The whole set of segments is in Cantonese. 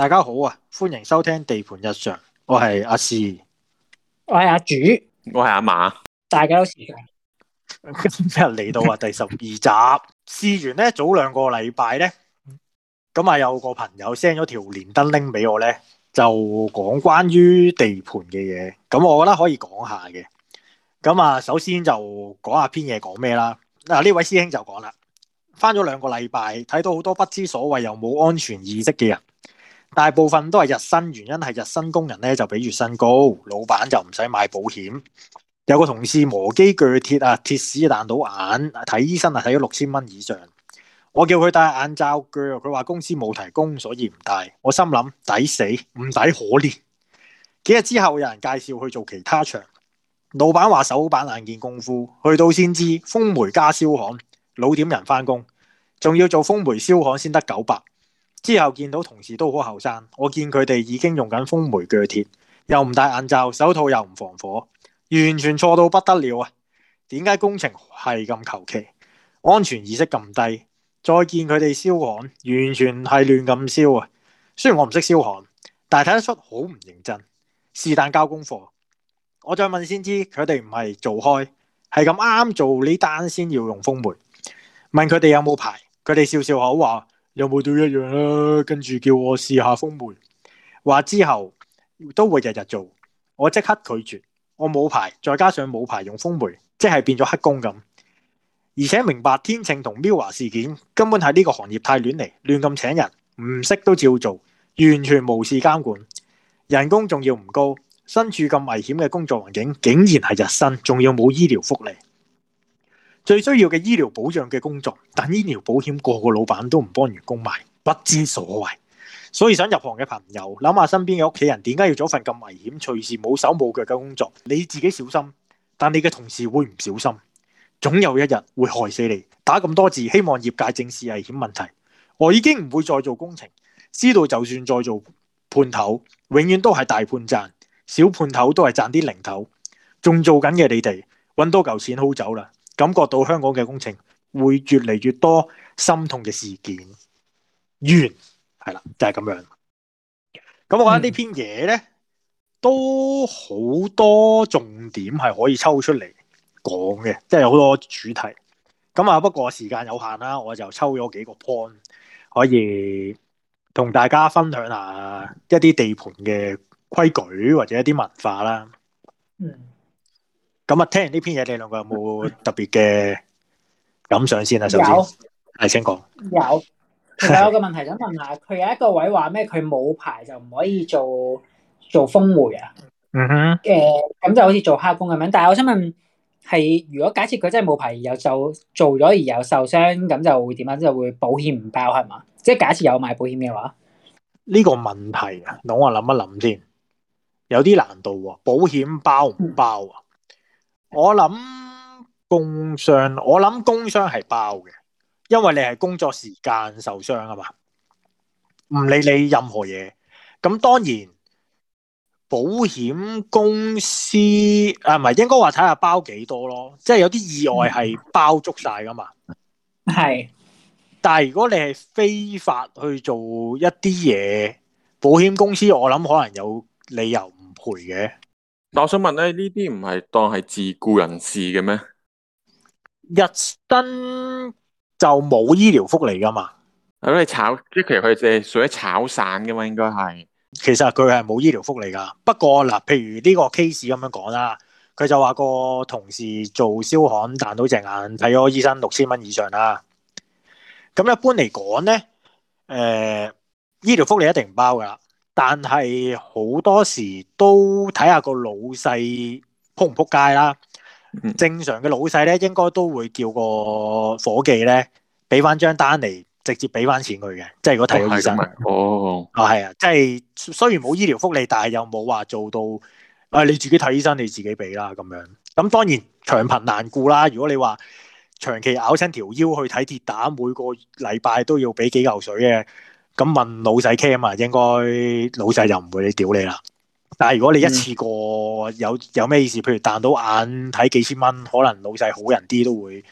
大家好啊，歡迎收聽地盤日常，我係阿詩，我係阿，阿主，我係阿嫲。大家好時間今日嚟到啊第十二集。詩 完咧早兩個禮拜咧，咁啊有個朋友 send 咗條連登拎俾我咧，就講關於地盤嘅嘢，咁我覺得可以講下嘅。咁啊，首先就講下篇嘢講咩啦。啊呢位師兄就講啦，返咗兩個禮拜，睇到好多不知所謂又冇安全意識嘅人。大部分都係日薪，原因係日薪工人咧就比月薪高，老闆就唔使買保險。有個同事磨機鋸鐵啊，鐵屎彈到眼，睇醫生啊睇咗六千蚊以上。我叫佢戴眼罩鋸，佢話公司冇提供，所以唔戴。我心諗抵死唔抵可憐。幾日之後有人介紹佢去做其他場，老闆話手板眼見功夫，去到先知風煤加燒焊老點人返工，仲要做風煤燒焊先得九百。之後見到同事都好後生，我見佢哋已經用緊風煤鋸鐵，又唔戴眼罩，手套又唔防火，完全錯到不得了啊！點解工程係咁求其，安全意識咁低？再見佢哋燒焊，完全係亂咁燒啊！雖然我唔識燒焊，但係睇得出好唔認真，是但交功課。我再問先知佢哋唔係做開，係咁啱做呢單先要用風煤。問佢哋有冇牌，佢哋笑笑口話。有冇都一樣啦，跟住叫我試下風煤，話之後都會日日做，我即刻拒絕，我冇牌，再加上冇牌用風煤，即係變咗黑工咁。而且明白天秤同 MIRROR 事件，根本係呢個行業太亂嚟，亂咁請人，唔識都照做，完全無視監管，人工仲要唔高，身處咁危險嘅工作環境，竟然係日薪，仲要冇醫療福利。最需要嘅醫療保障嘅工作，但醫療保險個個老闆都唔幫員工買，不知所謂。所以想入行嘅朋友諗下，想想身邊嘅屋企人點解要做一份咁危險、隨時冇手冇腳嘅工作？你自己小心，但你嘅同事會唔小心，總有一日會害死你。打咁多字，希望業界正視危險問題。我已經唔會再做工程，知道就算再做判頭，永遠都係大判賺，小判頭都係賺啲零頭。仲做緊嘅你哋，揾多嚿錢好走啦。感覺到香港嘅工程會越嚟越多心痛嘅事件，完係啦，就係咁樣。咁我覺得呢篇嘢咧都好多重點係可以抽出嚟講嘅，即係好多主題。咁啊，不過時間有限啦，我就抽咗幾個 point 可以同大家分享一下一啲地盤嘅規矩或者一啲文化啦。嗯。咁啊，聽完呢篇嘢，你兩個有冇特別嘅感想先啊？ 首先係先講有，其實有個問題想問下佢 有一個位話咩？佢冇牌就唔可以做做風煤啊？嗯哼，誒，咁就好似做黑工咁樣。但係我想問，係如果假設佢真係冇牌，又做做咗而又受傷，咁就，就會點啊？即係會保險唔包係嘛？即係假設有買保險嘅話，呢、嗯、個問題啊，我諗一諗先，有啲難度喎。保險包唔包啊？嗯我諗工傷，我諗工傷係包嘅，因為你係工作時間受傷啊嘛，唔理你任何嘢。咁當然，保險公司啊，唔係應該話睇下包幾多咯，即係有啲意外係包足晒噶嘛。係、嗯，但係如果你係非法去做一啲嘢，保險公司我諗可能有理由唔賠嘅。但我想問咧，呢啲唔係當係自雇人士嘅咩？日薪就冇醫療福利噶嘛？係咪炒即係佢，即係屬於炒散嘅嘛？應該係。其實佢係冇醫療福利噶。不過嗱，譬如呢個 case 咁樣講啦，佢就話個同事做燒焊彈到隻眼，睇咗醫生六千蚊以上啦。咁一般嚟講咧，誒、呃，醫療福利一定唔包噶。但係好多時都睇下個老細仆唔仆街啦。正常嘅老細咧，應該都會叫個伙計咧俾翻張單嚟，直接俾翻錢佢嘅。即係如果睇咗醫生，哦，啊係、哦、啊，即係、啊、雖然冇醫療福利，但係又冇話做到啊！你自己睇醫生，你自己俾啦咁樣。咁當然長貧難顧啦。如果你話長期拗親條腰去睇跌打，每個禮拜都要俾幾嚿水嘅。咁問老細 K 啊嘛，應該老細就唔會你屌你啦。但係如果你一次過有有咩意思，譬如彈到眼睇幾千蚊，可能老細好人啲都會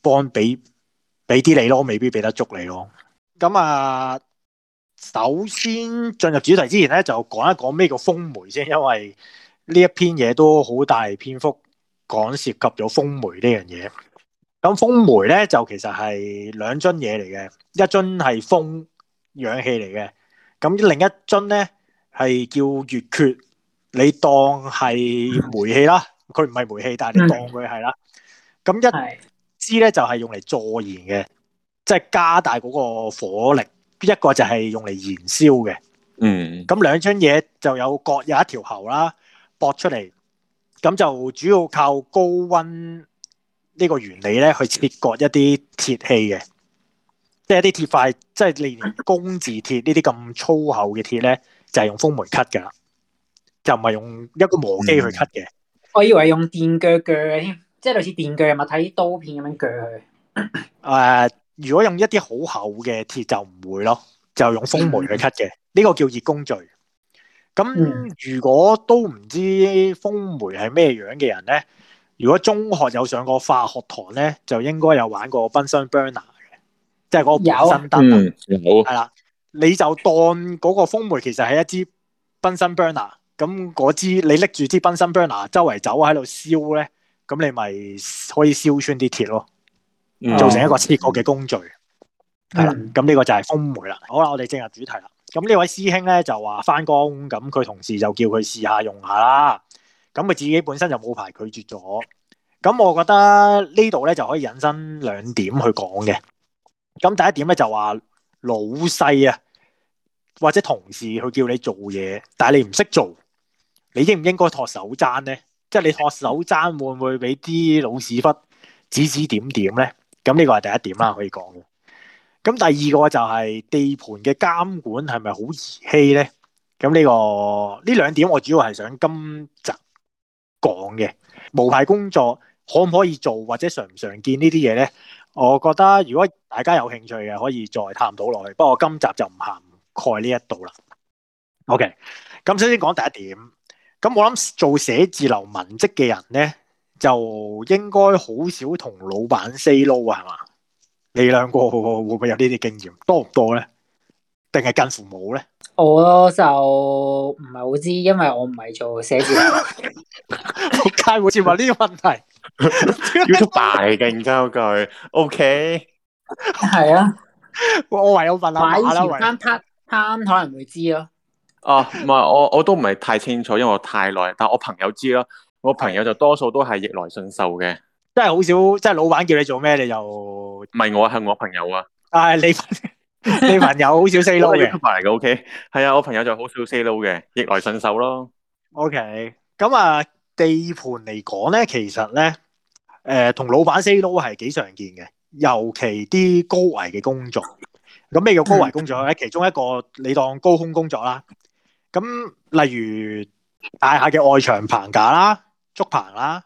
幫俾俾啲你咯，未必俾得足你咯。咁啊，首先進入主題之前咧，就講一講咩叫風煤先，因為呢一篇嘢都好大篇幅講涉及咗風煤呢樣嘢。咁風煤咧就其實係兩樽嘢嚟嘅，一樽係風。氧氣嚟嘅，咁另一樽咧，係叫乙炔，你當係煤氣啦，佢唔係煤氣，但係你當佢係啦。咁一支咧就係用嚟助燃嘅，即係加大嗰個火力。一個就係用嚟燃燒嘅。嗯。咁兩樽嘢就有各有一條喉啦，駁出嚟，咁就主要靠高溫呢個原理咧，去切割一啲鐵器嘅。即係一啲鐵塊，即係你連工字鐵呢啲咁粗厚嘅鐵咧，就係、是、用風煤 cut 噶啦，就唔係用一個磨機去 cut 嘅、嗯。我以為用電鋸鋸嘅添，即係類似電鋸，咪睇刀片咁樣鋸佢。誒、呃，如果用一啲好厚嘅鐵就唔會咯，就用風煤去 cut 嘅，呢、嗯、個叫熱工序。咁如果都唔知風煤係咩樣嘅人咧，如果中學有上過化學堂咧，就應該有玩過 Bunsen burner。即係嗰個本生燈啊，嗯，係啦，你就當嗰個風煤其實係一支 Bunsen burner，咁嗰支你拎住支 Bunsen burner，周圍走喺度燒咧，咁你咪可以燒穿啲鐵咯，做成一個切割嘅工序。係啦、嗯。咁呢個就係風煤啦。好啦，我哋進入主題啦。咁呢位師兄咧就話翻工，咁佢同事就叫佢試下用下啦。咁佢自己本身就冇牌拒絕咗。咁我覺得這裡呢度咧就可以引申兩點去講嘅。咁第一點咧就話老細啊或者同事去叫你做嘢，但係你唔識做，你應唔應該托手踭咧？即係你托手踭會唔會俾啲老屎忽指指點點咧？咁呢個係第一點啦，可以講嘅。咁第二個就係地盤嘅監管係咪好兒戲咧？咁呢個呢兩點我主要係想今集講嘅無牌工作可唔可以做或者常唔常見呢啲嘢咧？我覺得如果大家有興趣嘅，可以再探討落去。不過今集就唔涵蓋呢一度啦。OK，咁首先講第一點。咁我諗做寫字樓文職嘅人咧，就應該好少同老闆 say no 啊，係嘛？你兩個會唔會有呢啲經驗？多唔多咧？定係近乎冇咧？我就唔係好知道，因為我唔係做寫字樓文職嘅人。我介唔住問呢啲問題。 YouTube 嚟嘅，然之後佢 OK 係啊， 我唯有問下啦。啱啱 p a r t 可能會知咯。哦，唔係我，我都唔係太清楚， 因為我太耐。但我朋友知咯，我朋友就多數都係逆來順受嘅。真係好少，即係老闆叫你做咩，你又唔係我，係我朋友啊。係你，你朋友好少 say no 嘅。YouTube 嚟嘅 OK，係啊、嗯，我朋友就好少 say no 嘅，逆來順受咯。OK，咁啊，地盤嚟講咧，其實咧。誒同老闆 say no 係幾常見嘅，尤其啲高危嘅工作。咁咩叫高危工作咧？其中一個你當高空工作啦。咁例如大廈嘅外牆棚架啦、竹棚啦，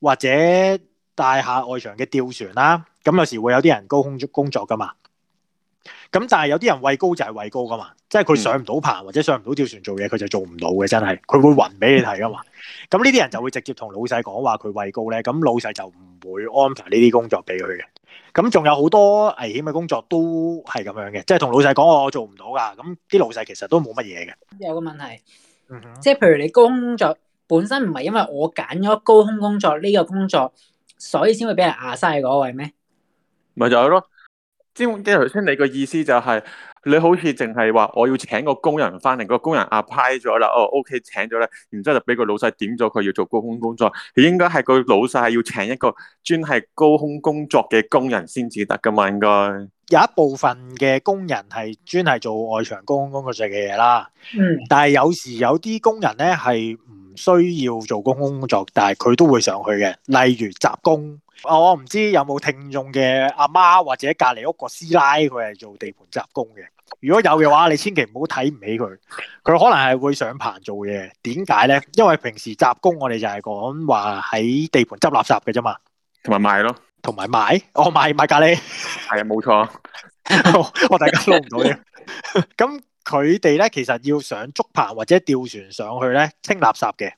或者大廈外牆嘅吊船啦。咁有時會有啲人高空作工作㗎嘛。咁但係有啲人畏高就係畏高噶嘛，即係佢上唔到棚或者上唔到吊船做嘢，佢就做唔到嘅，真係佢會暈俾你睇噶嘛。咁呢啲人就會直接同老細講話佢畏高咧，咁老細就唔會安排呢啲工作俾佢嘅。咁仲有好多危險嘅工作都係咁樣嘅，即係同老細講我做唔到噶，咁啲老細其實都冇乜嘢嘅。有個問題，嗯、哼即係譬如你高空工作本身唔係因為我揀咗高空工作呢個工作，所以先會俾人壓晒嗰位咩？咪就係咯。即頭先你個意思就係、是，你好似淨係話我要請個工人翻嚟，個工人 apply 咗啦，哦、oh, OK 請咗咧，然之後就俾個老細點咗佢要做高空工作。應該係個老細要請一個專係高空工作嘅工人先至得噶嘛。應該有一部分嘅工人係專係做外牆高空工作嘅嘢啦。嗯，但係有時有啲工人咧係唔需要做高空工作，但係佢都會上去嘅，例如雜工。我我唔知有冇聽眾嘅阿媽，媽或者隔離屋個師奶佢係做地盤雜工嘅，如果有嘅話，你千祈唔好睇唔起佢。佢可能係會上棚做嘢，點解咧？因為平時雜工我哋就係講話喺地盤執垃圾嘅啫嘛，同埋賣咯，同埋賣，我賣賣咖喱，係啊，冇錯， 我大家撈唔到嘅。咁佢哋咧其實要上竹棚或者吊船上去咧清垃圾嘅，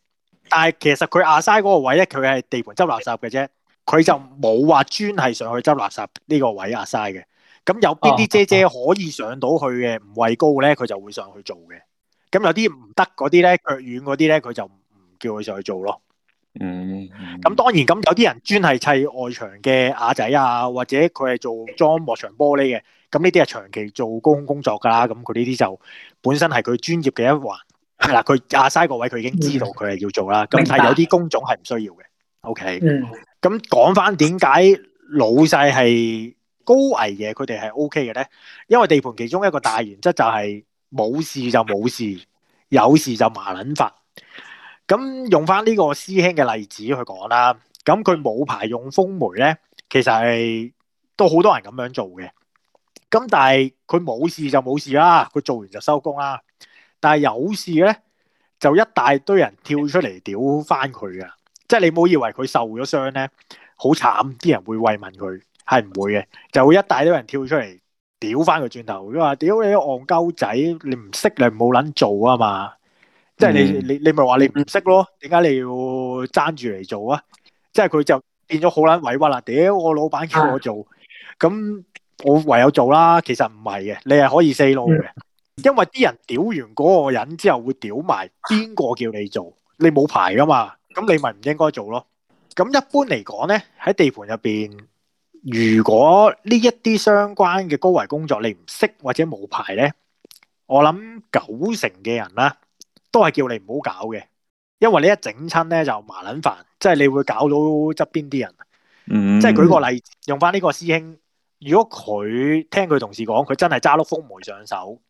但係其實佢阿西嗰個位咧，佢係地盤執垃圾嘅啫。佢就冇話專係上去執垃圾呢個位壓晒嘅，咁有邊啲姐姐可以上到去嘅，唔畏高咧，佢就會上去做嘅。咁有啲唔得嗰啲咧，腳軟嗰啲咧，佢就唔叫佢上去做咯。嗯，咁、嗯、當然咁有啲人專係砌外牆嘅瓦仔啊，或者佢係做裝幕牆玻璃嘅，咁呢啲係長期做高空工作噶啦。咁佢呢啲就本身係佢專業嘅一環。係啦，佢壓晒個位，佢已經知道佢係要做啦。明白。咁但係有啲工種係唔需要嘅。OK。嗯。咁講翻點解老細係高危嘢，佢哋係 O K 嘅咧？因為地盤其中一個大原則就係，冇事就冇事，有事就麻撚法。咁用翻呢個師兄嘅例子去講啦。咁佢冇牌用風煤咧，其實係都好多人咁樣做嘅。咁但係佢冇事就冇事啦，佢做完就收工啦。但係有事咧，就一大堆人跳出嚟屌翻佢啊！即係你冇以為佢受咗傷咧，好慘，啲人會慰問佢，係唔會嘅，就會一大堆人跳出嚟屌翻佢轉頭，佢話屌你戇鳩仔，你唔識你冇撚做啊嘛！即係、嗯、你你你咪話你唔識咯？點解你要爭住嚟做啊？即係佢就變咗好撚委屈啦！屌我老闆叫我做，咁我唯有做啦。其實唔係嘅，你係可以 say no 嘅，嗯、因為啲人屌完嗰個人之後會屌埋邊個叫你做，你冇牌噶嘛。咁你咪唔應該做咯。咁一般嚟講咧，喺地盤入邊，如果呢一啲相關嘅高危工作你唔識或者冇牌咧，我諗九成嘅人啦，都係叫你唔好搞嘅，因為你一整親咧就麻撚煩，即係你會搞到側邊啲人。即係，嗯，舉個例子，用翻呢個師兄，如果佢聽佢同事講，佢真係揸碌風煤上手，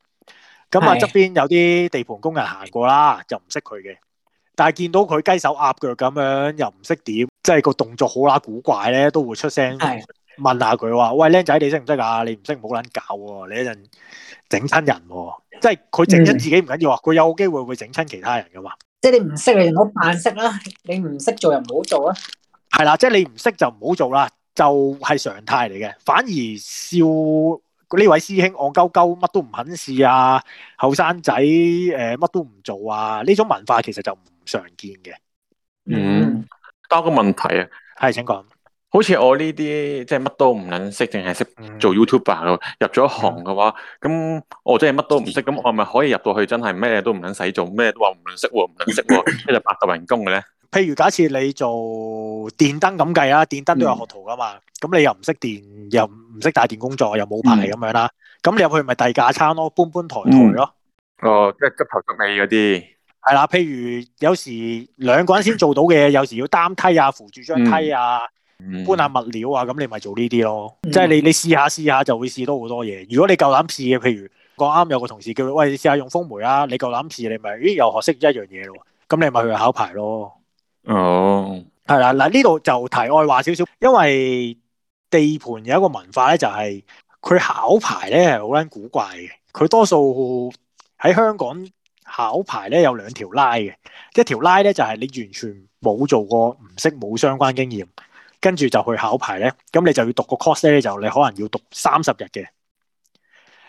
咁啊側邊有啲地盤工人行過啦，就唔識佢嘅。但係見到佢雞手鴨腳咁樣，又唔識點，即係個動作好乸古怪咧，都會出聲問下佢話，的喂，靚仔，你識唔識噶？你唔識，唔好捻搞喎，你一陣整親人，即係佢整親自己唔緊要啊，佢的有機會會整親其他人噶嘛。即係你唔識，你唔好扮識啦。你唔識做又唔好做啦。係啦，即係你唔識就唔好做啦，就係、是、常態嚟嘅。反而笑。呢位師兄戇鳩鳩，乜都唔肯試啊！後生仔誒，乜、呃、都唔做啊！呢種文化其實就唔常見嘅、嗯。嗯，多個問題啊，係請講。好似我呢啲即係乜都唔肯識，淨係識做 YouTuber、嗯、入咗行嘅話，咁、嗯、我真係乜都唔識，咁的我咪可以入到去真，真係咩都唔肯使做，咩都話唔識喎，唔 識喎，即係白頭人工嘅咧？譬如假設你做電燈咁計啦，電燈都有學徒噶嘛，咁、嗯、你又唔識電，又唔識帶電工作，又冇牌咁樣啦，咁、嗯、你入去咪低架餐咯，搬搬抬抬咯，嗯、哦，即係執頭執尾嗰啲，係啦，譬如有時兩個人先做到嘅，有時要擔梯啊，扶住張梯啊，嗯、搬下物料啊，咁你咪做呢啲咯，即係、嗯、你你試下試下就會試到好多嘢。如果你夠膽試嘅，譬如我啱有個同事叫，喂，你試下用風煤啊，你夠膽試，你咪咦又學識一樣嘢咯，咁你咪去考牌咯。哦，係啦，嗱，呢度就題外話少少，因為地盤有一個文化咧、就是，就係佢考牌咧係好捻古怪嘅。佢多數喺香港考牌咧有兩條拉嘅，一條拉咧就係你完全冇做過，唔識冇相關經驗，跟住就去考牌咧，咁你就要讀個 course 咧，就你可能要讀三十日嘅。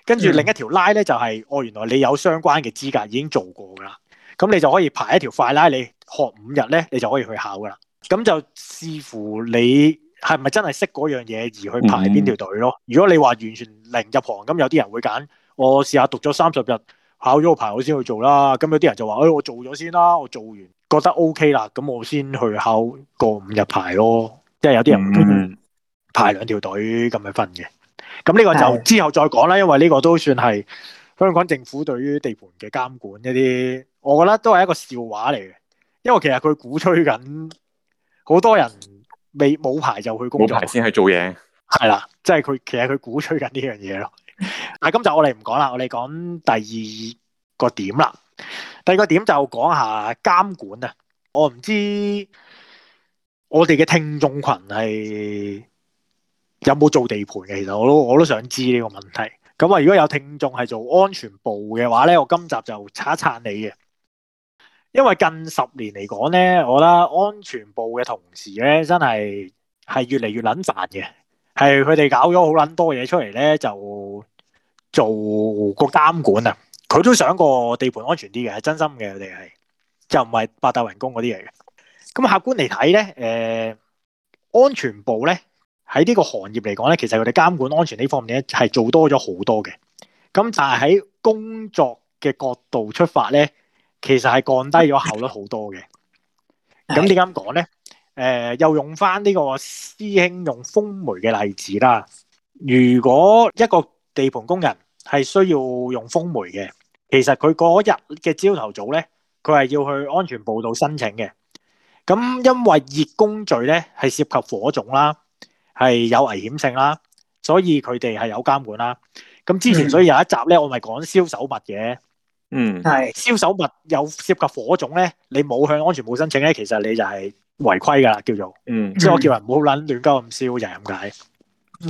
跟住另一條拉咧就係、是，嗯、哦原來你有相關嘅資格，已經做過噶啦，咁你就可以排一條快拉你。學五日咧，你就可以去考噶啦。咁就視乎你係咪真係識嗰樣嘢而去排邊條隊咯。嗯、如果你話完全零入行，咁有啲人會揀我試下讀咗三十日，考咗個牌我先去做啦。咁有啲人就話，哎，我做咗先啦，我做完覺得 O K 啦，咁我先去考個五日牌咯。即係有啲人會排兩條隊，嗯，排兩條隊咁樣分嘅。咁呢個就之後再講啦，因為呢個都算係香港政府對於地盤嘅監管一啲，我覺得都係一個笑話嚟嘅。因為其實佢鼓吹緊好多人未冇牌就去工作，冇牌先去做嘢，係啦，即係佢其實佢鼓吹緊呢樣嘢咯。但 今集我哋唔講啦，我哋講第二個點啦。第二個點就講下監管啊。我唔知我哋嘅聽眾群係有冇做地盤嘅，其實我都我都想知呢個問題。咁啊，如果有聽眾係做安全部嘅話咧，我今集就擦一擦你嘅。因為近十年嚟講咧，我覺得安全部嘅同事咧，真係係越嚟越捻賺嘅，係佢哋搞咗好捻多嘢出嚟咧，就做個監管啊，佢都想個地盤安全啲嘅，係真心嘅，佢哋係，就唔係八大人工嗰啲嚟嘅。咁客觀嚟睇咧，誒、呃，安全部咧喺呢個行業嚟講咧，其實佢哋監管安全呢方面咧係做多咗好多嘅。咁但係喺工作嘅角度出發咧。其實係降低咗效率好多嘅。咁點解咁講咧？誒，又用翻呢個師兄用風煤嘅例子啦。如果一個地盤工人係需要用風煤嘅，其實佢嗰日嘅朝頭早咧，佢係要去安全部度申請嘅。咁因為熱工序咧係涉及火種啦，係有危險性啦，所以佢哋係有監管啦。咁之前所以有一集咧，我咪講燒手物嘅。嗯，係，燒手物有涉及火種咧，你冇向安全部申請咧，其實你就係違規噶，叫做，嗯，即係我叫人唔好捻亂鳩咁燒就係咁解。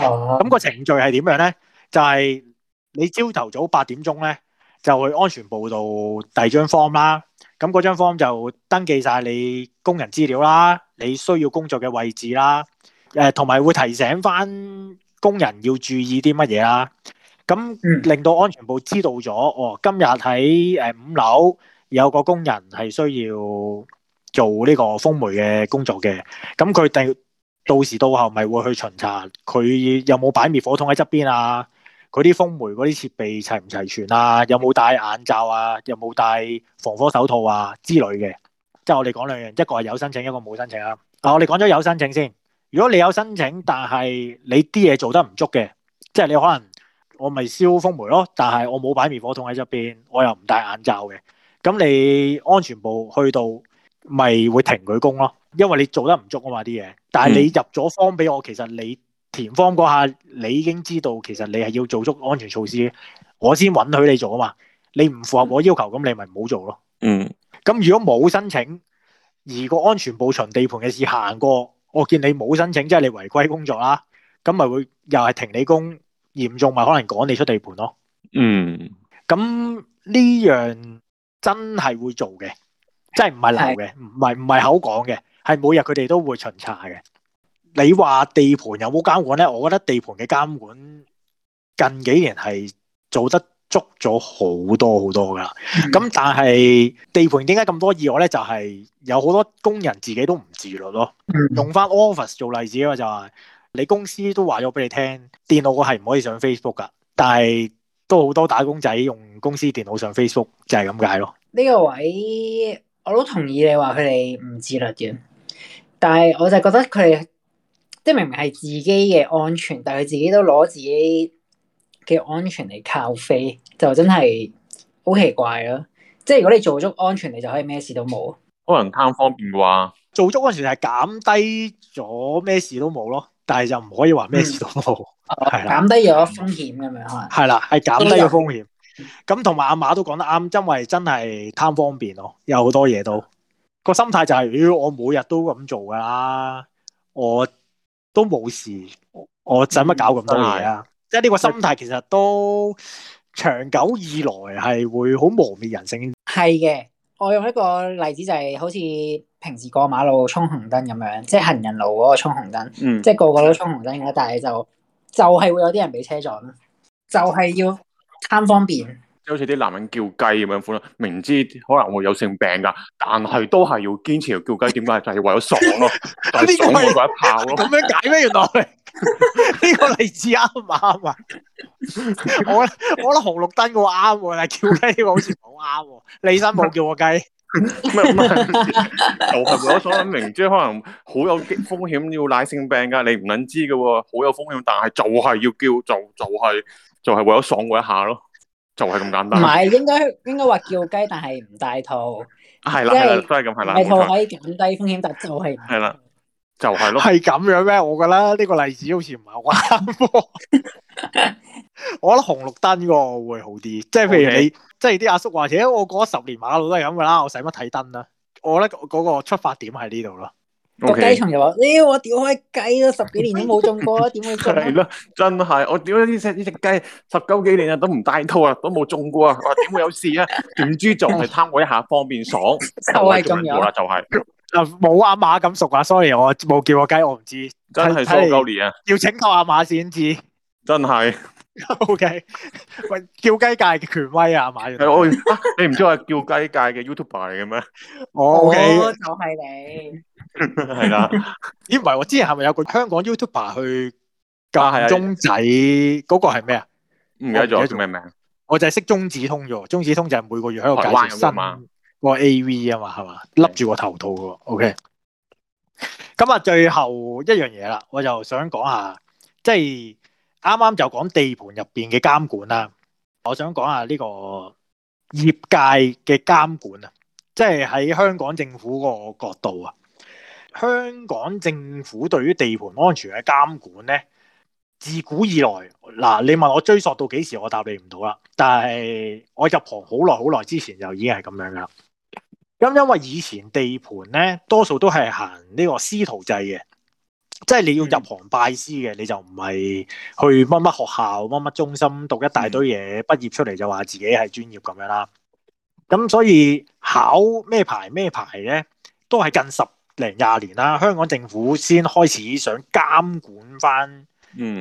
哦、嗯，咁個程序係點樣咧？就係、是、你朝頭早八點鐘咧，就去安全部度遞張 form 啦。咁嗰張 form 就登記晒你工人資料啦，你需要工作嘅位置啦，誒，同埋會提醒翻工人要注意啲乜嘢啦。咁、嗯、令到安全部知道咗，哦，今日喺誒五樓有個工人係需要做呢個風煤嘅工作嘅。咁佢哋到時到後咪會去巡查，佢有冇擺滅火筒喺側邊啊？佢啲風煤嗰啲設備齊唔齊全啊？有冇戴眼罩啊？有冇戴防火手套啊？之類嘅，即係我哋講兩樣，一個係有申請，一個冇申請啊。啊我哋講咗有申請先。如果你有申請，但係你啲嘢做得唔足嘅，即係你可能。我咪燒風煤咯，但係我冇擺滅火筒喺入邊，我又唔戴眼罩嘅。咁你安全部去到咪會停佢工咯？因為你做得唔足啊嘛啲嘢。但係你入咗方俾我，其實你填方嗰下，你已經知道其實你係要做足安全措施，我先允許你做啊嘛。你唔符合我要求，咁你咪唔好做咯。嗯。咁如果冇申請，而個安全部巡地盤嘅事行過，我見你冇申請，即係你違規工作啦。咁咪會又係停你工。嚴重咪可能趕你出地盤咯？嗯，咁呢樣真係會做嘅，即係唔係流嘅，唔係唔係口講嘅，係每日佢哋都會巡查嘅。你話地盤有冇監管咧？我覺得地盤嘅監管近幾年係做得足咗好多好多㗎啦。咁、嗯、但係地盤點解咁多意外咧？就係、是、有好多工人自己都唔自律咯。用翻 office 做例子啊就係、是。你公司都話咗俾你聽，電腦係唔可以上 Facebook 噶，但係都好多打工仔用公司電腦上 Facebook，就係咁解咯。呢個位我都同意你話佢哋唔自律嘅，但係我就覺得佢哋即係明明係自己嘅安全，但係佢自己都攞自己嘅安全嚟靠飛，就真係好奇怪咯。即係如果你做足安全，你就可以咩事都冇。可能貪方便啩？做足安全係減低咗咩事都冇咯。但係就唔可以話咩事都冇，係啦、嗯哦，減低咗風險咁樣可能係啦，係減低咗風險。咁同埋阿馬都講得啱，因為真係貪方便咯，有好多嘢都個心態就係、是，如果、哎、我每日都咁做噶啦，我都冇事，我我使乜搞咁多嘢啊？即係呢個心態其實都長久以來係會好磨滅人性的。係嘅，我用一個例子就係好似。平時過馬路衝紅燈咁樣，即係行人路嗰個衝紅燈，嗯、即係個個都衝紅燈嘅，但係就就係、是、會有啲人俾車撞咯，就係、是、要貪方便。即係好似啲男人叫雞咁樣款咯，明知可能會有性病㗎，但係都係要堅持去叫雞。點解就係、是、為咗 爽咯，為咗爽，為咗一炮咯。咁 樣解咩？原來呢 個例子啱唔啱啊？ 我我覺得紅綠燈嘅話啱喎，但係叫雞好似唔啱喎。生冇 叫我雞。咩？我係 為咗想諗明，即係可能好有風險要染性病噶，你唔諗知噶，好有風險，但係就係要叫做，就是、就係就係為咗爽過一下咯，就係、是、咁簡單。唔係，應該應該話叫雞，但係唔戴套。係啦，都係咁係啦。戴套可以減低風險，但就係。係啦、 啊。就係咯，係咁樣咩？我覺得呢個例子好似唔係好啱我。我覺得紅綠燈個會好啲，即係譬如你，Okay. 即係啲阿叔話：而且我過咗十年馬路都係咁噶啦，我使乜睇燈啊？我咧嗰個出發點喺呢度咯。第層就話：你我屌開雞十都十幾年都冇中過，點會中啊？係咯，真係我屌呢隻呢隻雞十九幾年啊都唔帶套啊，都冇中過啊？我點會有事啊？ 點知做係貪我一下方便爽就係咁咗啦，就係、是。啊，冇阿馬咁熟啊，sorry，我冇叫過雞，我唔知，真係疏鳩年啊，要請教阿馬先知。真係是，OK，喂，叫雞界嘅權威啊，阿馬， 你唔知我叫雞界嘅 YouTuber 嚟嘅咩？我、oh, okay 哦，就係、是、你，係啦 的，咦唔係我之前係咪有個香港 YouTuber 去教中仔？嗰是個係咩啊？唔記得咗做咩名？我就係識中子通咗，中子通就係每個月喺度介紹灣新。個、哦、A.V. 啊嘛，係嘛，笠住個頭套嘅，O.K. 咁啊，最後一樣嘢啦，我就想講下，即係啱啱就講、是、地盤入邊嘅監管啦，我想講下呢個業界嘅監管啊，即係喺香港政府個角度啊，香港政府對於地盤安全嘅監管咧，自古以來嗱，你問我追溯到幾時，我答你唔到啦。但係我入行好耐好耐之前就已經係咁樣啦。咁因為以前地盤咧多數都係行呢個師徒制嘅，即係你要入行拜師嘅，你就唔係去乜乜學校、乜乜中心讀一大堆嘢，嗯、畢業出嚟就話自己係專業咁樣啦。咁所以考咩牌咩牌咧，都係近十零廿年啦，香港政府先開始想監管返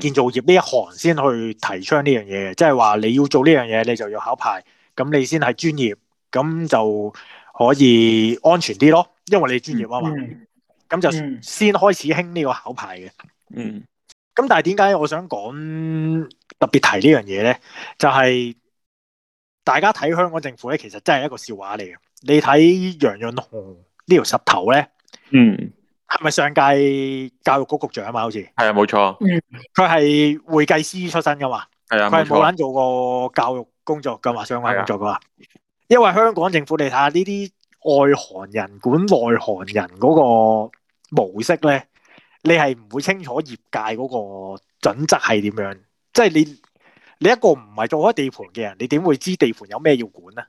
建造業呢一行，先去提倡呢樣嘢嘅，即係話你要做呢樣嘢，你就要考牌，咁你先係專業，咁就，可以安全啲咯，因為你專業啊嘛，咁、嗯、就先開始興呢個考牌嘅。嗯，咁但係點解我想講特別提這件事呢樣嘢咧？就係、是、大家睇香港政府咧，其實真係一個笑話嚟嘅。你睇楊潤雄呢條十頭咧，嗯，係咪上屆教育局局長啊嘛？好似係啊，冇錯。佢係、嗯、會計師出身噶嘛？係啊，佢冇揾做過教育工作噶嘛？相關錯工作噶嘛。因為香港政府，你睇下呢啲外行人管內行人嗰個模式咧，你係唔會清楚業界嗰個準則係點樣。即係你你一個唔係做開地盤嘅人，你點會知地盤有咩要管咧、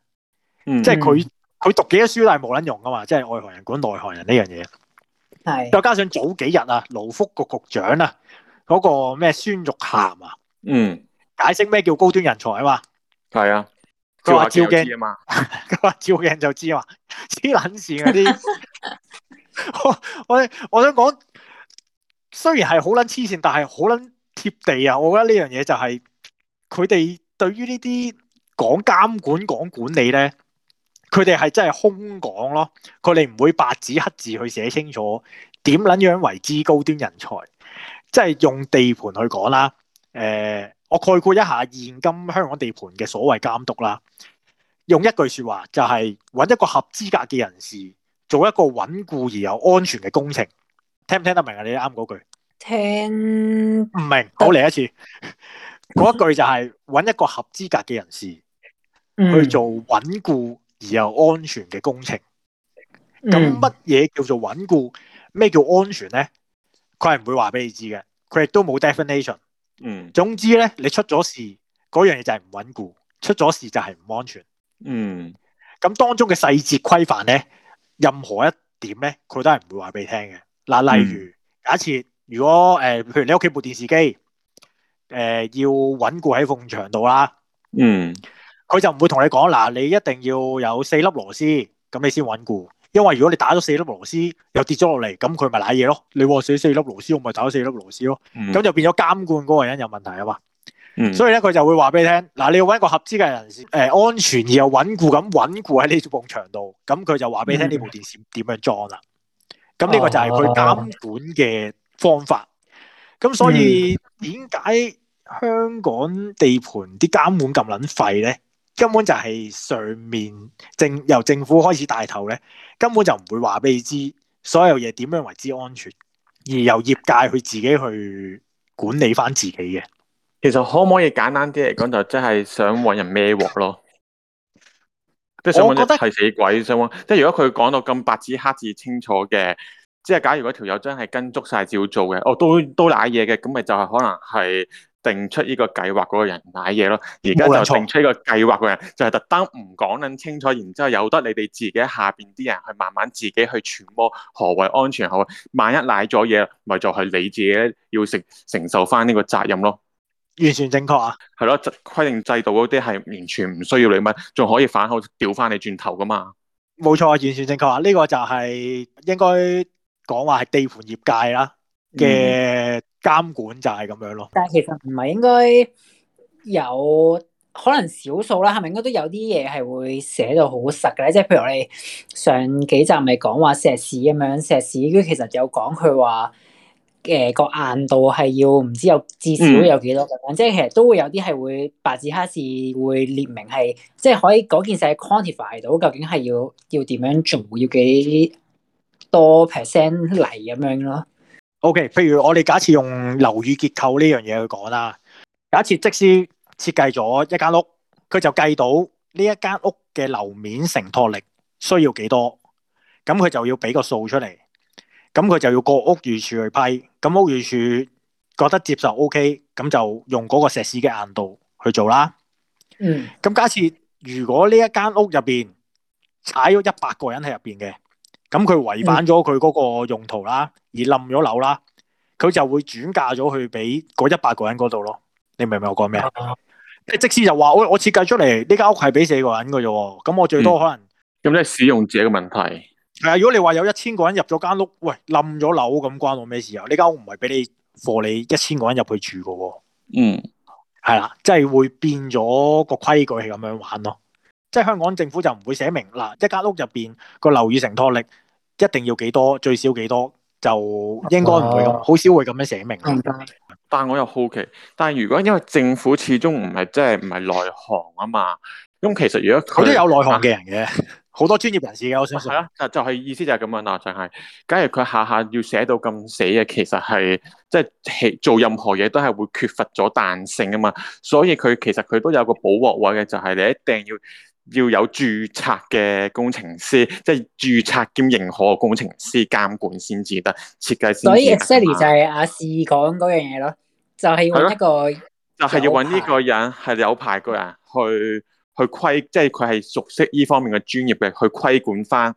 嗯？即係佢佢讀幾多書都係冇撚用噶嘛。即係外行人管內行人呢樣嘢。係。再加上早幾日啊，勞福局局長啊，嗰、那個咩孫玉菡啊，嗯，解釋咩叫高端人才啊嘛。係啊。佢話照鏡啊嘛，佢話 照鏡就知嘛，黐撚線嗰啲。我我我想講，雖然係好撚黐線，但係好撚貼地啊！我覺得呢樣嘢就係佢哋對於呢啲講監管、講管理咧，佢哋係真係空講咯。佢哋唔會白紙黑字去寫清楚點撚樣為之高端人才，即係用地盤去講啦。誒、呃。我概括一下現今香港地盤嘅所謂監督啦，用一句説話就係、是、揾一個合資格嘅人士做一個穩固而又安全嘅工程，聽唔聽得明啊？你啱嗰句，聽唔明，我嚟一次，嗰、嗯、 一句就係、是、揾一個合資格嘅人士去做穩固而又安全嘅工程。咁乜嘢叫做穩固？咩叫安全咧？佢係唔會話俾你知嘅，佢亦都冇 definition。嗯，總之咧，你出咗事嗰樣嘢就係唔穩固，出咗事就係唔安全。嗯，咁當中嘅細節規範咧，任何一點咧，佢都係唔會話俾你聽嘅。嗱，例如、嗯、假設如果誒、呃，譬如你屋企部電視機誒、呃、要穩固喺縫牆度啦，嗯，佢就唔會同你講嗱、呃，你一定要有四粒螺絲，咁你先穩固。因為如果你打咗四粒螺絲又跌咗落嚟，咁佢咪瀨嘢咯？你話死四粒螺絲，我咪打咗四粒螺絲咯。咁、嗯、就變咗監管嗰個人有問題啊嘛。嗯、所以咧，佢就會話俾你聽，嗱，你要搵一個合資嘅人士，誒、呃，安全而又穩固咁穩固喺呢埲牆度。咁佢就話俾你聽呢部電視點樣裝啦。咁呢、嗯、個就係佢監管嘅方法。咁、嗯、所以點解香港地盤啲監管咁撚廢咧？根本就係上面政由政府開始帶頭咧，根本就唔會話俾你知所有嘢點樣為之安全，而由業界去自己去管理翻自己嘅。其實可唔可以簡單啲嚟講，就真係想揾人孭鑊咯？即係 想揾一係死鬼想揾，即係如果佢講到咁白字黑字清楚嘅，即係假如嗰條友真係跟足晒照做嘅，哦都都瀨嘢嘅，咁咪就係可能係。定出呢個計劃嗰個人賴嘢咯，而家就定出呢個計劃嗰人，人就係特登唔講撚清楚，然之後由得你哋自己下邊啲人去慢慢自己去揣摩何為安全，好啊。萬一賴咗嘢，咪就係、是、你自己要承承受翻呢個責任咯、啊。完全正確啊，係咯，規定制度嗰啲係完全唔需要你乜，仲可以反口調翻你轉頭㗎嘛。冇錯，完全正確啊，呢個就係應該講話係地盤業界啦。嘅監管就係咁樣咯、嗯嗯，但係其實唔係應該有可能少數啦，係咪應該都有啲嘢係會寫到好實嘅咧？即係譬如我哋上幾集咪講話石屎咁樣石屎，跟住其實有講佢話誒個硬度係要唔知有至少有幾多咁樣，嗯、即係其實都會有啲係會白紙黑字會列明係，即係可以嗰件事係 quantify 到，究竟係要要點樣做，要幾多 percent 嚟咁樣咯？O.K.，譬如我哋假設用樓宇結構呢樣嘢去講啦。假設即使設計咗一間屋，佢就計到呢一間屋嘅樓面承托力需要幾多，咁佢就要俾個數出嚟。咁佢就要過屋宇署去批，咁屋宇署覺得接受 O.K.，咁就用嗰個石屎嘅硬度去做啦。嗯。咁假設如果呢一間屋入面踩咗一百個人喺入面嘅。咁佢違反咗佢嗰個用途啦，嗯、而冧咗樓啦，佢就會轉嫁咗去俾嗰一百個人嗰度咯。你明唔明我講咩啊？即係即使就話，我我設計出嚟呢間屋係俾四個人嘅啫，咁我最多可能咁即係使用者嘅問題。係啊，如果你話有一千個人入咗間屋，喂冧咗樓咁關我咩事啊？呢間屋唔係俾你貨你一千個人入去住嘅喎。嗯，係啦，即係會變咗個規矩係咁樣玩咯。即係香港政府就唔會寫明嗱，一間屋入邊個樓宇承托力。一定要幾多，最少幾多就應該唔會咁，好哇少會咁樣寫明、嗯。但係我又好奇，但係如果因為政府始終唔係即係唔係內行啊嘛，咁其實如果佢都有內行嘅人嘅，好、啊、多專業人士嘅，我相信啊，是啊。就就是、係意思就係咁樣啦，就係假如佢下下要寫到咁死嘅，其實係即係做任何嘢都係會缺乏咗彈性啊嘛。所以佢其實佢都有個補鑊位嘅，就係、是、你一定要。要有註冊嘅工程師，即係註冊兼認可嘅工程師監管先至得設計師。所以 Sally 就係阿士講嗰樣嘢咯，就係搵一個是，就係、是、要搵呢個人係有牌嘅人去去規，即係佢係熟悉呢方面嘅專業嘅，去規管翻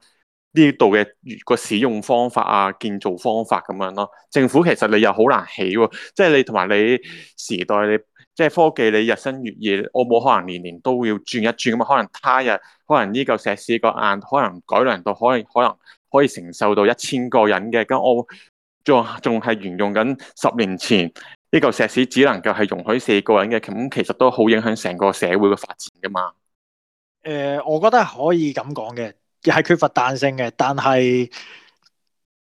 呢度嘅個使用方法啊、建造方法咁樣咯。政府其實你又好難起，即係你同埋你時代你。即係科技，你日新月異，我冇可能年年都要轉一轉咁啊！可能他日可能呢嚿石屎個硬，可能改良到可能可能可以承受到一千個人嘅，咁我仲仲係沿用緊十年前呢嚿石屎，這個，只能夠係容許四個人嘅，咁其實都好影響成個社會嘅發展噶嘛。誒，我覺得係可以咁講嘅，係缺乏彈性嘅，但係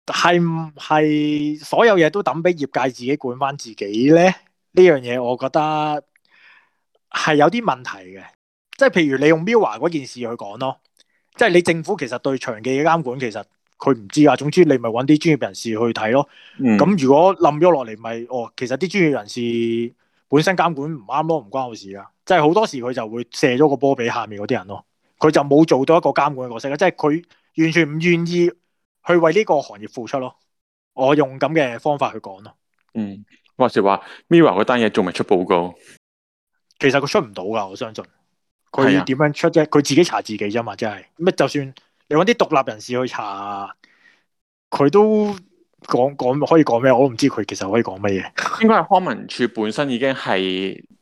係唔係所有嘢都等俾業界自己管翻自己咧？呢樣嘢我覺得係有啲問題嘅，即係譬如你用 Mirror 嗰件事去講咯，即係你政府其實對長期嘅監管其實佢唔知啊。總之你咪揾啲專業人士去睇咯。咁、嗯、如果冧咗落嚟，咪哦，其實啲專業人士本身監管唔啱咯，唔關我事噶。即係好多時佢就會射咗個波俾下面嗰啲人咯，佢就冇做到一個監管嘅角色，即係佢完全唔願意去為呢個行業付出咯。我用咁嘅方法去講咯。嗯。說話時話，MIRROR 嗰單嘢仲未出報告，其實佢出唔到噶，我相信佢要點樣出啫？佢自己查自己啫嘛，真係乜就算你揾啲獨立人士去查，佢都講講可以講咩？我都唔知佢其實可以講乜嘢。應該係康文署本身已經係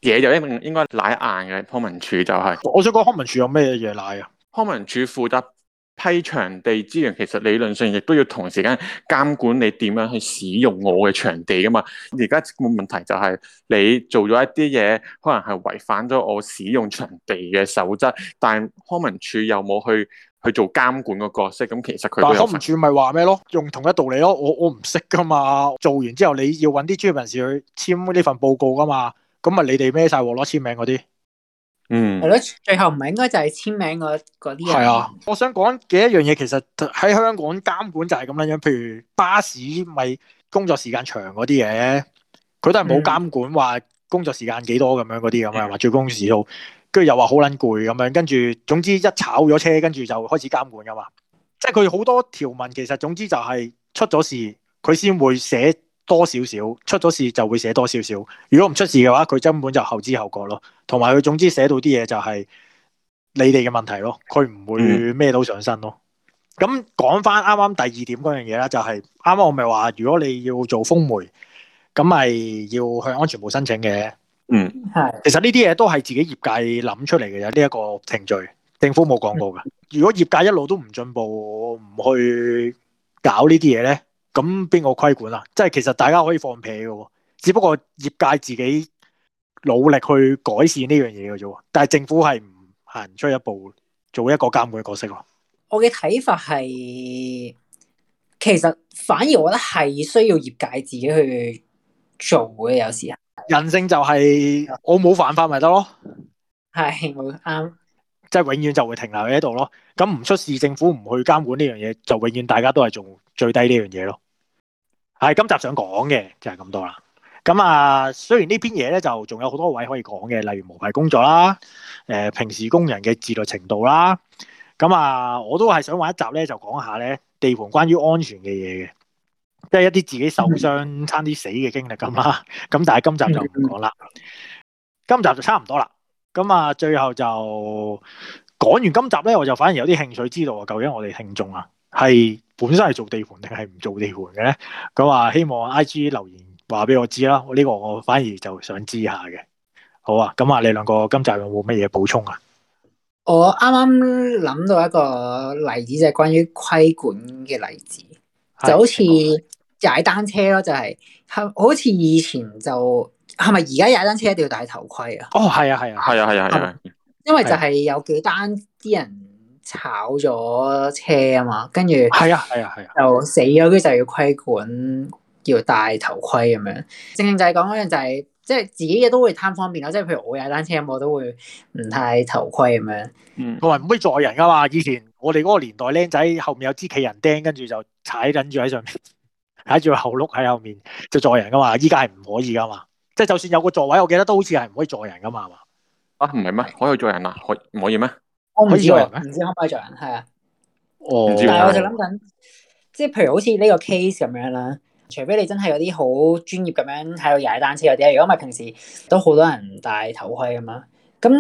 嘢就一定應該奶硬嘅康文署就係、是。我想講康文署有咩嘢奶啊？康文署負責。批場地資源，其實理論上亦都要同時間監管你點樣去使用我嘅場地噶嘛？而家冇問題就係你做咗一啲嘢，可能係違反咗我使用場地嘅守則，但康文署又冇去去做監管嘅角色，咁其實佢嗱康文署咪話咩咯？用同一道理咯，我我唔識噶嘛，做完之後你要揾啲專業人士去簽呢份報告噶嘛，咁咪你哋孭晒鑊攞簽名嗰啲。嗯，係咯，最後唔係應該就係簽名嗰啲人。係啊，我想講嘅一樣嘢，其實喺香港監管就係咁樣樣。譬如巴士咪工作時間長嗰啲嘢，佢都係冇監管話工作時間幾多咁樣嗰啲咁樣，話最、嗯、工時都，跟住又話好撚攰咁樣，跟住總之一炒咗車，跟住就開始監管噶嘛。即係佢好多條文，其實總之就係出咗事，佢先會寫。多少少出咗事就會寫多少少，如果唔出事嘅話，佢根本就後知後覺咯。同埋佢總之寫到啲嘢就係你哋嘅問題咯，佢唔會咩都上身咯。咁講翻啱啱第二點嗰樣嘢啦，就係啱啱我咪話，如果你要做風媒，咁咪要向安全部申請嘅。嗯，係。其實呢啲嘢都係自己業界諗出嚟嘅啫，呢一個程序，政府冇講過㗎。如果業界一路都唔進步，唔去搞呢啲嘢咧？咁邊個規管啊？即係其實大家可以放屁嘅喎，只不過業界自己努力去改善呢樣嘢嘅啫喎。但係政府係唔行出一步做一個監管嘅角色咯。我嘅睇法係，其實反而我覺得係需要業界自己去做嘅。有時人性就係我冇犯法咪得咯，係冇啱，即係永遠就會停留喺度咯。咁唔出事，政府唔去監管呢樣嘢，就永遠大家都係做最低呢樣嘢咯。係今集想講嘅就係、是、咁多啦。咁啊，雖然呢篇嘢咧就仲有好多位可以講嘅，例如無牌工作啦，誒、呃，平時工人嘅自律程度啦。咁啊，我都係想話一集咧就講下咧地盤關於安全嘅嘢嘅，即、就、係、是、一啲自己受傷、嗯、差啲死嘅經歷咁啦。咁但係今集就唔講啦。嗯、今集就差唔多啦。咁啊，最後就講完今集咧，我就反而有啲興趣知道啊，究竟我哋聽眾啊。係本身係做地盤定係唔做地盤嘅咧？咁啊，希望 IG 留言話俾我知啦。呢、這個我反而就想知下嘅。好啊，咁啊，你兩個今集有冇乜嘢補充啊？我啱啱諗到一個例子，就係、是、關於規管嘅例子，就好似踩單車咯，就係、是、係好似以前就係咪而家踩單車一定要戴頭盔、哦、啊？哦，係啊，係啊，係啊，係啊，係啊，因為就係有幾單啲、啊啊、人。炒咗車啊嘛，跟住係啊係啊係啊，又死咗，跟住、啊啊、就要規管，要戴頭盔咁樣。正正就係講嗰樣就係，即係自己嘅都會貪方便啦。即係譬如我踩單車咁，我都會唔戴頭盔咁樣。嗯，同埋唔可以載人噶嘛。以前我哋嗰個年代，僆仔後面有支企人釘，跟住就踩緊住喺上面，踩住個後碌喺後面就載人噶嘛。依家係唔可以噶嘛。即係就算有個座位，我記得都好似係唔可以載人噶嘛。係嘛？啊，唔係咩？可以載人啊？可唔可以咩？我唔知喎，唔知可唔可以做人，係啊。哦。但係我就諗緊，即係的譬如好似呢個 case 咁樣啦，除非你真係有啲好專業咁樣喺度踩單車嗰啲，如果唔係平時都好多人戴頭盔噶嘛，咁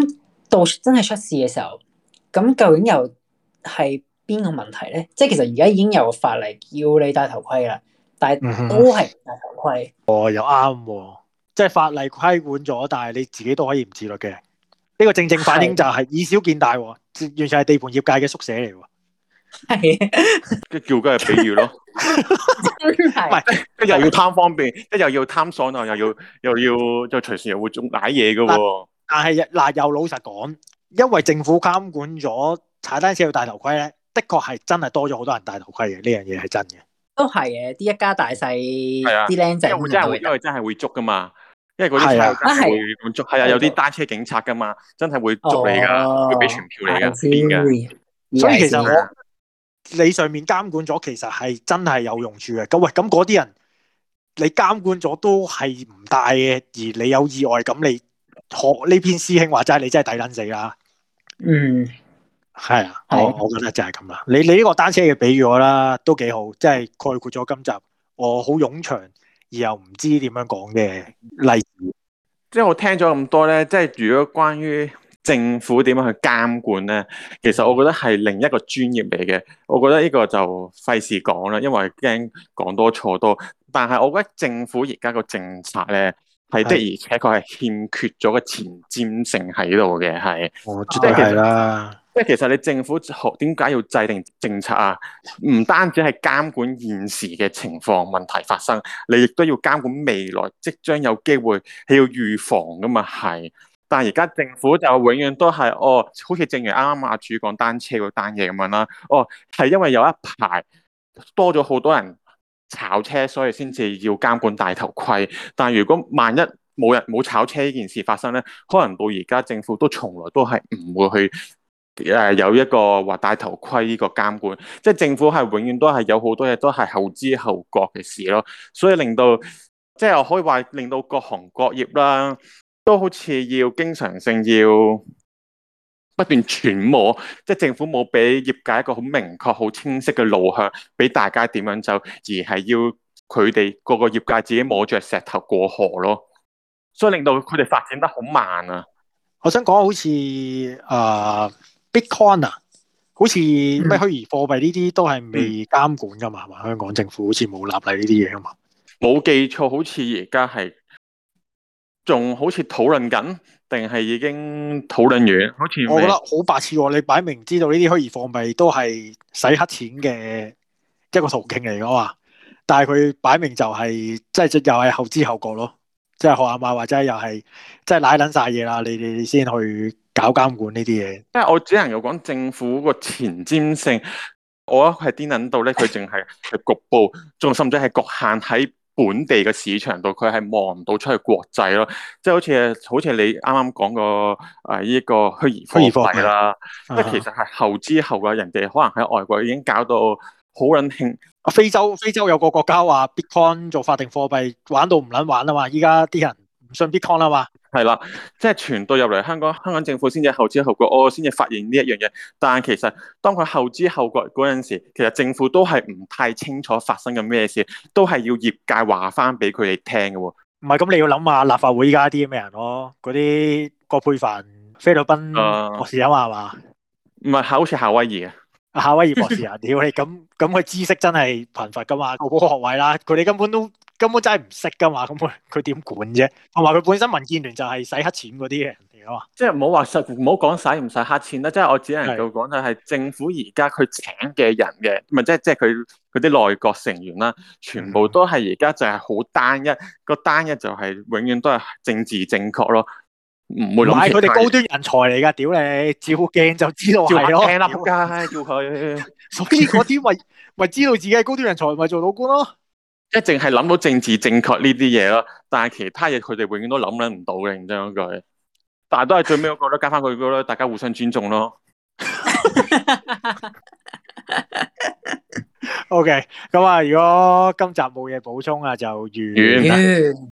到真係出事嘅時候，咁究竟又係邊個問題咧？即係其實而家已經有法例要你戴頭盔噶，但係都係唔戴頭盔。嗯、哦，又啱喎，即係法例規管咗，但係你自己都可以唔自律嘅。呢、這個正正反映就係以小見大。完全係地盤業界嘅宿舍嚟㗎，係， 叫梗係比喻咯，唔係，一又要貪方便，一又要貪爽啊，又要又要就隨時又會中買嘢嘅喎。但係嗱、啊，又老實講，因為政府監管咗踩單車要戴頭盔咧，的確係真係多咗好多人戴頭盔嘅。呢樣嘢係真嘅。都係嘅，啲一家大細，啲僆仔因為真係會捉㗎嘛。因為嗰啲車真係會咁捉，係啊，有啲單車警察噶嘛，真係會捉你噶，哦、會俾傳票你噶，會變噶。所以其實我你上面監管咗，其實係真係有用處嘅。咁喂，咁嗰啲人你監管咗都係唔大嘅，而你有意外咁，你學呢篇師兄話齋，你真係抵捻死啦。嗯，係啊，啊我我覺得就係咁啦。你你呢個單車嘅比喻我啦，都幾好，即係概括咗今集。我好冗長。又唔知點樣講嘅，例如，即係我聽咗咁多咧，即係如果關於政府點樣去監管咧，其實我覺得係另一個專業嚟嘅。我覺得呢個就費事講啦，因為驚講多錯多。但係我覺得政府而家個政策咧係的而且確係欠缺咗個前瞻性喺度嘅，係是，我是、哦、絕對係啦。即係其實你政府學點解要制定政策啊？唔單止係監管現時嘅情況問題發生，你亦都要監管未來即將有機會預，係要預防㗎嘛係。但係而家政府就永遠都係哦，好似正如啱啱阿主講單車嗰單嘢咁樣啦。哦，係因為有一排多咗好多人炒車，所以先至要監管戴頭盔。但如果萬一冇人冇炒車呢件事發生咧，可能到而家政府都從來都係唔會去。有一個話戴頭盔呢個監管，即係政府係永遠都係有好多嘢都係後知後覺嘅事咯，所以令到即係我可以話令到各行各業啦，都好似要經常性要不斷揣摩，即係政府冇俾業界一個好明確、好清晰嘅路向，俾大家點樣走，而係要佢哋個個業界自己摸着石頭過河咯，所以令到佢哋發展得好慢啊！我想講好似誒。呃 Bitcoin 啊，好似咩虛擬貨幣呢啲都係未監管噶嘛，係嘛、嗯？嗯、香港政府好似冇立例呢啲嘢啊嘛。冇記錯，好似而家係仲好似討論緊，定係已經討論完？好似我覺得好白痴喎、啊！你擺明知道呢啲虛擬貨幣都係洗黑錢嘅一個途徑嚟嘅嘛，但係佢擺明就係、是、即係又係後知後覺咯，即係學阿媽，媽或者又係即係賴撚晒嘢啦，你哋先去。搞監管呢啲嘢，即係我只能夠講政府個前瞻性，我覺得佢係癲撚到咧，佢淨係係局部，仲 甚至係局限喺本地嘅市場度，佢係望唔到出去國際咯。即係好似好似你啱啱講過誒依個虛擬貨幣啦，即係其實係後知後嘅人哋、uh huh. 可能喺外國已經搞到好撚興。非洲非洲有個國家話 Bitcoin 做法定貨幣，玩到唔撚玩啊嘛！依家啲人。上啲 Con 啦嘛，係啦，即係傳到入嚟香港，香港政府先至後知後覺，我先至發現呢一樣嘢。但其實當佢後知後覺嗰陣時，其實政府都係唔太清楚發生緊咩事，都係要業界話翻俾佢哋聽嘅喎。唔係，咁你要諗下立法會依家啲咩人咯？嗰啲葛珮帆、菲律賓、呃、博士啊嘛？唔係，好似夏威夷啊，夏威夷博士啊，屌 你咁咁佢知識真係貧乏噶嘛？個個學位啦，佢哋根本都。根本真係唔識噶嘛，咁佢佢點管啫？同埋佢本身民建聯就係使黑錢嗰啲嘅，係嘛？即係唔好話唔好講使唔使黑錢啦，即係我只能夠講佢係政府而家佢請嘅人嘅，咪的即係即係佢啲內閣成員啦，全部都係而家就係好單一，個、嗯、單一就係永遠都係政治正確咯，唔會諗其他。係佢哋高端人才嚟噶，屌你，照鏡就知道係咯，聽粒叫佢，所以嗰啲咪咪知道自己係高端人才，咪、就是、做到官咯。一淨係諗到政治正確呢啲嘢咯，但係其他嘢佢哋永遠都諗諗唔到嘅，認真嗰句。但係都係最尾我覺得， 加翻佢。個大家互相尊重咯。 OK，咁啊，如果今集冇嘢補充啊，就完啦。軟